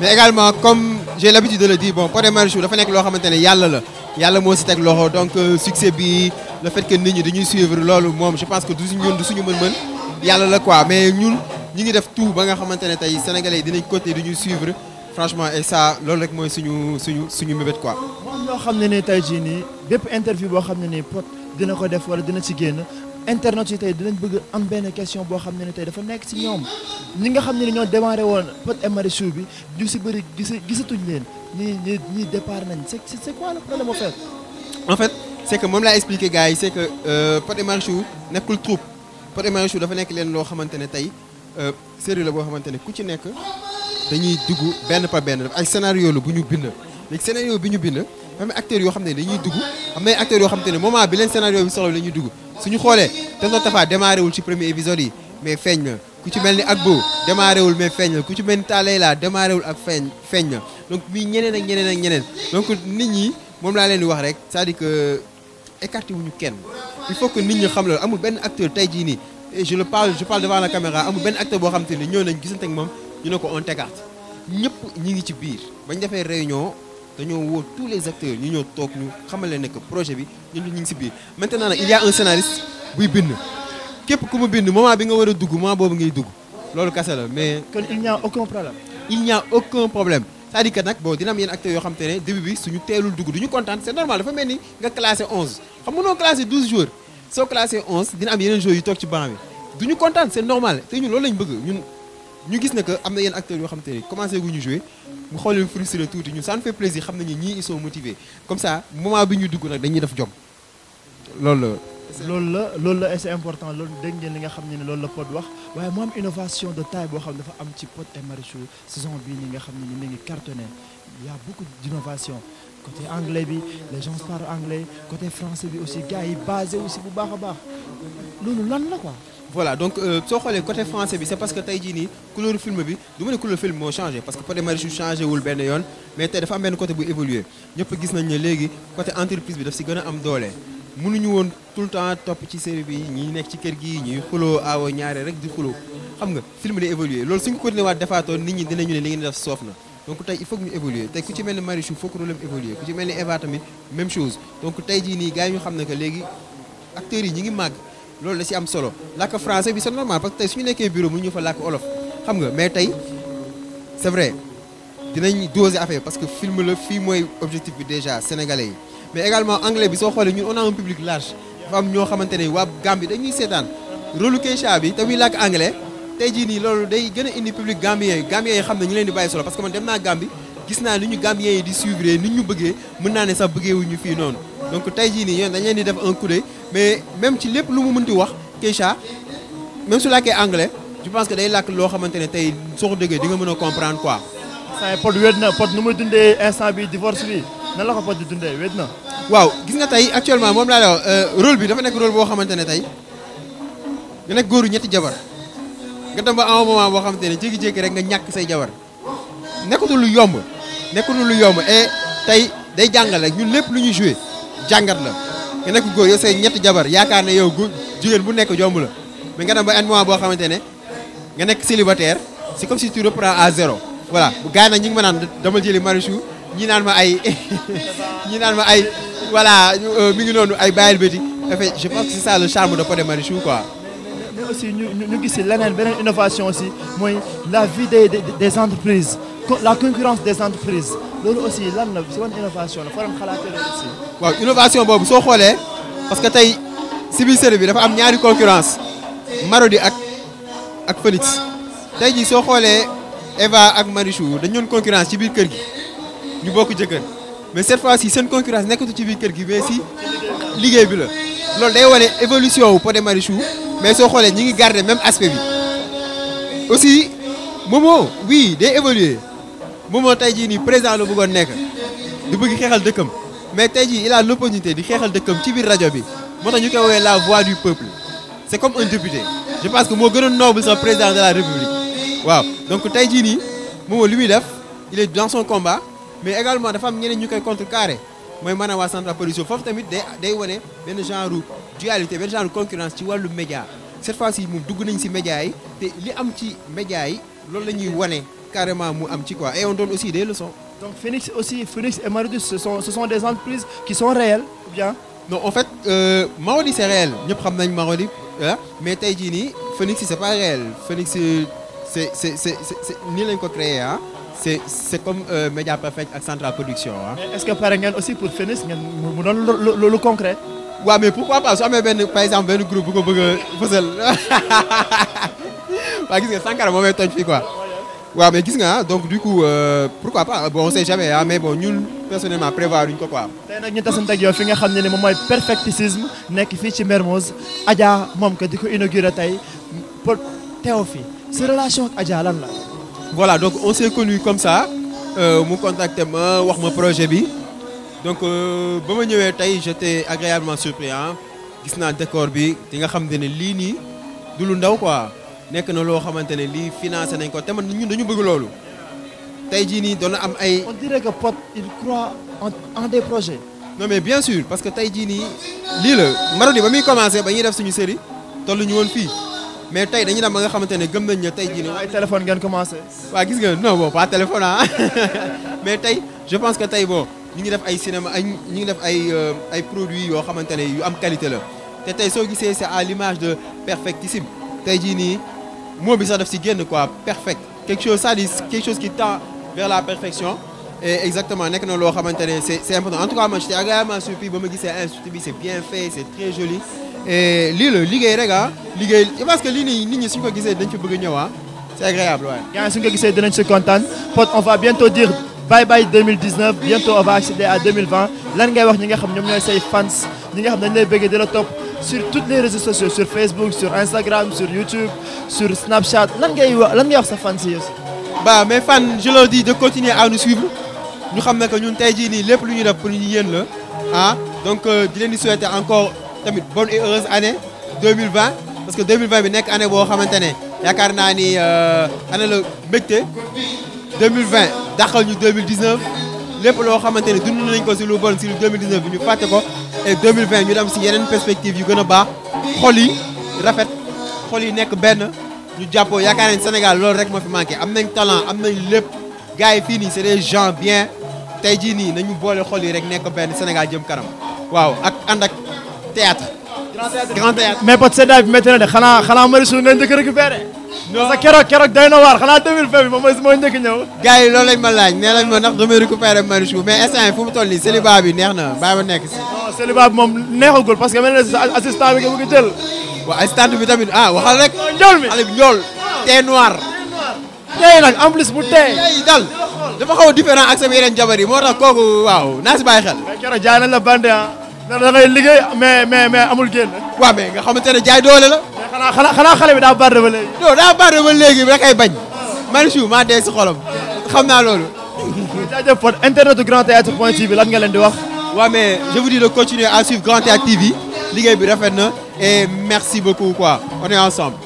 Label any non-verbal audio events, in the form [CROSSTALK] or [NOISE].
mais également comme j'ai l'habitude de le dire bon pour les Marichou dafa nekk loo xamante ne yàlla la yàlla moo si teg loxo donc euh, succès bi le fait que nit ñi dañuy suivre lolu mom je pense que 12 ñun du suñu mën-mën yalla la quoi mais ñun ñi ngi def tout ba nga xamantene tay sénégalais dinañ côté du ñuy suivre franchement et ça lolu rek moy suñu suñu suñu mébét quoi. moom ñoo xam ne ne tey jii interview bo xamné né nii Pod dina ko def wala dina ci génn internet yi tey dinañ bëgg am benn question boo xam ne ne tey dafa nekk ci ñoom ñi nga xam ne ñoo démarré woon Pod et Marichou bi ñu ci bëri gis gisatuñ leen ñii ñii ñii départ nañ c'est c'est quoi le problème au fait. en fait c'est que moom laa expliqué gars yi c'est que euh, Pod et Marichou nekkul troupe Pod et Marichou dafa nekk leen loo xamante ne tey euh, série la boo xamante ne ku ci nekk dañuy dugg benn par benn ay scénario la bu ñu bind. léegi scénario bi ñu bind dafa am acteurs yoo xam ne dañuy dugg am na ay acteurs yoo xam ne moment bi leen scénario bi soxla la ñuy dugg suñu xoolee tonton Tafa démarré démarrer le premier épisode mais feeñ Si tu mets Agbo, ak démarré il mais feeñ tu mets démarré donc nous ak ak Nous donc nit ñi c'est-à-dire que écarté wuñu il faut que nous ñi xam Nous amul ben acteur je le parle je parle devant la caméra amul ben acteur Nous on Nous ñëpp réunion tous les acteurs ñu ñu projet maintenant il y a un scénariste qui bind venu. Il bind moment bi nga a dugg moment mais. il n'y a aucun problème. il n'y a aucun problème c'est-à-dire que bon acteurs c'est normal classé 11 xam nous classé 12 jours classé 11 dina am yeneen joueurs c'est normal ñu gis ne que am na yenn acteurs yoo xamante ne commencé gu ñu jouer mu xool leen frustré tuuti ñun ça nous fait plaisir xam nañu ñii ils sont motivés comme ça moment bi ñu dugg nag dañuy def jom loolu la. loolu la loolu la c'est important loolu dégg ngeen li nga xam ne loolu la Pod wax waaye mu am innovation de taille boo xam dafa am ci Pod et Marichou saison bii nii nga xam ne ni mi ngi cartonné il y a beaucoup d'innovation côté anglais bi les gens parlent anglais côté français bi aussi gars yi basé aussi bu baax a baax loolu lan la quoi voilà donc euh, soo xoolee côté français bi c'est parce que tey jii nii couleur film bi du ma ne couleur film moo changé parce que côté Marichou changé wul benn yoon mais tey dafa am benn côté bu évoluer ñëpp gis nañ ne léegi côté entreprise bi daf si gën a am doole. mënuñu woon tout le temps top ci série bi ñi nekk ci kër gi ñi xulo awo ñaare rek di xulo xam nga film day évoluer loolu suñ ko continué waat defaatoon nit ñi dinañu ne li ngeen def soof na. donc tay il faut que ñu évoluer tay ku ci melni marichu faut foog rôle am évoluer ku ci melni Eva tamit même chose donc tey jii nii gars ñu xam ne que légui acteur yi ñi ngi mag loolu la si am solo làkk français bi c'est normal parce que tey suñu ñu nekkee bureau mu ñu fa làkk olof xam nga mais tey c'est vrai dinañ doser affaire parce que film la fii mooy objectif bi déjà sénégalais yi mais également anglais bi soo xoolee ñun on a un public large dafa am ñoo xamante ne waa Gambie dañuy seetaan rôle Keïcha bi te muy làkk anglais tey jii nii loolu day gën a indi public gambien yi gambien yi xam ne ñu leen di bàyyi solo parce que man dem naa Gambie gis naa ni ñu gambien yi di suivre ni ñu bëggee mën naa ne sax bëggeewuñu fii noonu donc tey jii nii yoon dañ leen di def un coup d'œil mais même ci lépp lu mu mënti wax Keisha même su làkkee anglais je pense que day làkk lo xamantene tay tey soo di nga mëna comprendre quoi. saa Pod wéet na Pod nu muy dundee instant bi divorce bi nan la ko Pod di dundee wéet waaw gis nga tay actuellement mom la lay euh, wax rôle bi dafa nek rôle bo xamantene tay tey nga nekk góoru ñetti jabar nga dem ba un moment bo xamantene ne jékki-jékki rek nga ñak say jabar nekkatul lu yomb nekkatul lu yomb et tay day jangale ñun lepp lu ñuy jouer jàngat la nga nekk góor yow say ñetti jabar yaakaar ne yow gu jigéen bu nekk jomb la mais nga dem ba un mois bo xamantene nga nekk célibataire c'est comme si tu reprends à zéro voilà gars yi nag ñi ngi ma naan dama jëli Marichou ñi naan ma ay [LAUGHS] ñi naan ma ay voilà euh, mi ngi nonu ay bàyyil béti en fait je pense que c'est ça le charme de Pod et Marichou quoi mais aussi ñu ñu gis si leneen beneen innovation aussi mooy la vie des des entreprises la concurrence des entreprises c'est aussi la innovation l'innovation, parce que si concurrence Marodi ak ak Eva ak Marichou dañu concurrence ci biir gi ñu mais cette fois ci cette concurrence nekkatu ci biir kër gi mais bi la day évolution mais so xolé ñi même aspect aussi Momo oui day évoluer Momo tey ni nii président la bëggoon nekk di bëgg xeexal dëkkam mais tey il a l'opportunité di xeexal dëkkam ci biir rajo bi moo tax ñu koy la voix du peuple c'est comme un député je pense que moo gën noble sax président de la république waaw donc tey ni nii Momo li def il est dans son combat mais également dafa am ñeneen ñu koy carré. mooy maanaam au centre de production foofu tamit day day wane benn genre dualité benn genre concurrence ci le média cette fois ci moom dugg nañ si média yi te li am ci média yi loolu carrément mu am quoi et on donne aussi des leçons. donc Phoenix aussi Phoenix et Marutus ce sont ce sont des entreprises qui sont réelles bien. non en fait euh, c'est réel ñëpp xam nañ hein? mais tey Phoenix c'est pas réel Phoenix c'est c'est c'est c'est nii lañ hein? c'est c'est comme euh, Media Perfect de Central Production hein? est-ce que par exemple aussi pour Phoenix ngeen le, doon le, concret. ouais mais pourquoi pas su même par exemple benn groupe bu ko bëgg a fësal [LAUGHS] waa gis nga Sankara moomay de fii quoi ouais mais gis nga donc du coup euh, pourquoi pas bon on sait jamais hein, mais bon ñun personnellement prévoir ñu ko quoi. tey nag ñu tasante ak yow fi nga xam ne ni moom mooy perfecticisme ci Mermoz Adja mom, que di ko inauguré tey pour teew fi relation avec Adja là. voilà donc on s'est connu comme ça euh, mu contacté ma wax ma projet bi donc euh, ba ma ñëwee j'étais agréablement surpris ah gis naa décor bi di nga xam ne lii nii du lu ndaw quoi nek na lo xamantene li financer financé nañ ko te man ñun dañu bëgg lolu tey jii nii doon na am ay. on dirait que pot il croit en des projets. non mais bien sûr parce que tey jii nii lii la Marodi ba muy commencé ba ñi def suñu série ñu won fi mais tay dañu dem nga xamantene gëm nañ ne tey jii nii. ay téléphone gën commencer waa gis nga non bon pas téléphone ah [LAUGHS] mais tay je pense que tay bon ñu ngi def ay cinéma ay ñu ngi def ay euh, ay produits yo xamantene yu am qualité la te tay so gisee c'est à l'image de Perfectissime tey jii nii. Moi, bi sax daf si quoi perfect quelque chose ça dit quelque chose qui tend vers la perfection et exactement nekk na loo c'est c'est important en tout cas man j'étais agréablement surpris ba ma gisee institut bi c'est bien fait c'est très joli et li le liggéey rek ah parce que li ni nit ñi suñu ko gisee dañ fi bëgg ñëw ah c'est agréable ouais gars yi suñu ko gisee dinañ si kontaan Pod on va bientôt dire bye bye 2019 bientôt on va accéder à 2020 lan ngay wax ñi nga xam ñom ñoy say fans ñi nga xam dañ lay bëgg di la sur toutes les réseaux sociaux sur Facebook sur Instagram sur YouTube sur Snapchat lan ngay lan ngay wax sa bah, fan fans Mes fans, je leur dis de continuer à nous suivre Nous sommes que ñun tey les plus lépp pour ñu la ah donc je euh, leen souhaite encore tamit bonne et heureuse année 2020 parce que 2020 bi nekk année boo xamante ne yaakaar naa euh, année le mbégte 2020 d'accord ñu 2019 lépp loo maintenir tous nous nañ ko si lu bon si lu 2019 bi ñu fàtte ko et 2020 ñu dem si yeneen perspective yu gën a baax xol yi rafet xol yi nekk benn ñu jàppoo yaakaar nañ Sénégal loolu rek moo fi manqué am nañ talent am nañ lépp gars yi fii nii c'est des gens bien tey jii nii nañu boole xol yi rek nekk benn Sénégal jëm kanam waaw ak ànd ak théâtre grand théâtre mais Pod seddaay bi métti na de xanaa xanaa Marichou nga njëkk récupéré non sa keroog na waar xanaa mais instant fu mu toll nii neex na bàyyi ma nekk si célibat moom neexagul parce que mel na assistant bi nga bëgg a jël. assistant bi tamit a ah, waxal rek. njool mi Aliou njool. tey nag en plus bu tey. dal dafa xaw a différent ak sama yeneen jabar yi moo tax kooku waaw naa si bàyyi xel. mais jaay nañ la bande ah. da ngay liggéey mais mais mais amul génn. waaw mais nga xamante ne jaay doole la. mais xanaa xale bi daa bari ba léegi. non daa bari ba léegi rek ay bañ. man su ma dee si xolam. xam naa loolu. [LAUGHS] jaajëf Pod internet Grand Théâtre point TV lan nga leen di wax. Ouais, mais je vous dis de continuer à suivre Grand Théâtre TV. Ligue et merci beaucoup. Quoi. On est ensemble.